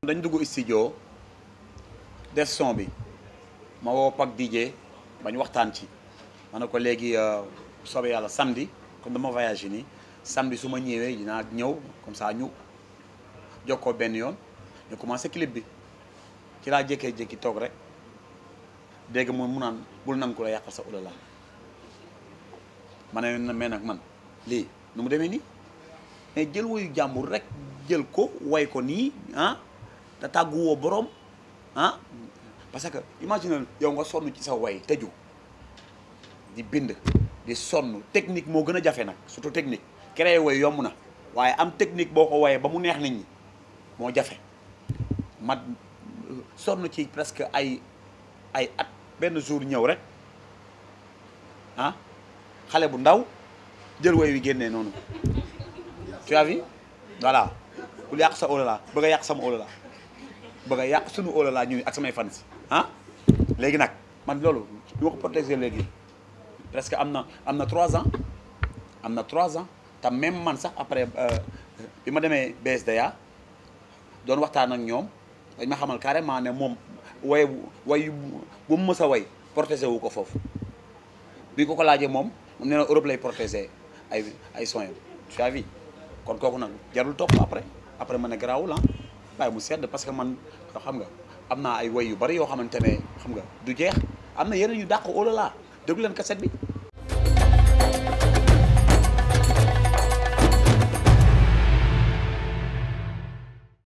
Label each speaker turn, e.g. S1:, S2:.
S1: dañ duggu studio def son bi ma wo pak DJ bañ waxtan ci ma ne ko léegi euh, soobee yàlla samedi comme dama voyage ni samedi suma ñewé dina ñew comme ça ñu joko ben yoon ñu commencé clip bi ci la jéké jéki tok rek dégg mo mu nan bul nang ko la yàqal sa ulala mané na mé nak man li numu démé ni mais jël woyu jàmbur rek jël ko way ko ni han ah, te tàgguwoo boroom ah parce que imagine yow nga sonn ci sa way tëju di bind di sonn technique moo gën a jafe nag surtout technique créer way yomb na waaye am technique boo ko wayee ba mu neex nit ñi moo jafe ma sonn ci presque ay ay at benn jour ñëw rek ah xale bu ndaw jël way wi génnee noonu tu as vu voilà ku yàq sa olala bëgg a yàq sama olala bëgg a yàq suñu óola laa ñuy ak samay fan si ah léegi nag man loolu ñu ma ko protégé léegi presque am na am na trois ans am na trois ans tam même man sax après euh, bi ma demee BSDA doon waxtaan ak ñoom dañ ma xamal carrément ne moom way way bu mu mës a way protégé wu ko foofu bi ko ko laajee moom nee na Europe lay protégé ay ay soins tu as kon kooku nag jarul topp après après ma ne garaawul ah tàngaay mu sedd parce que man xam nga am naa ay woy yu bari yoo xamante ne xam nga du jeex am na yeneen yu dàq au la déglu leen cassette bi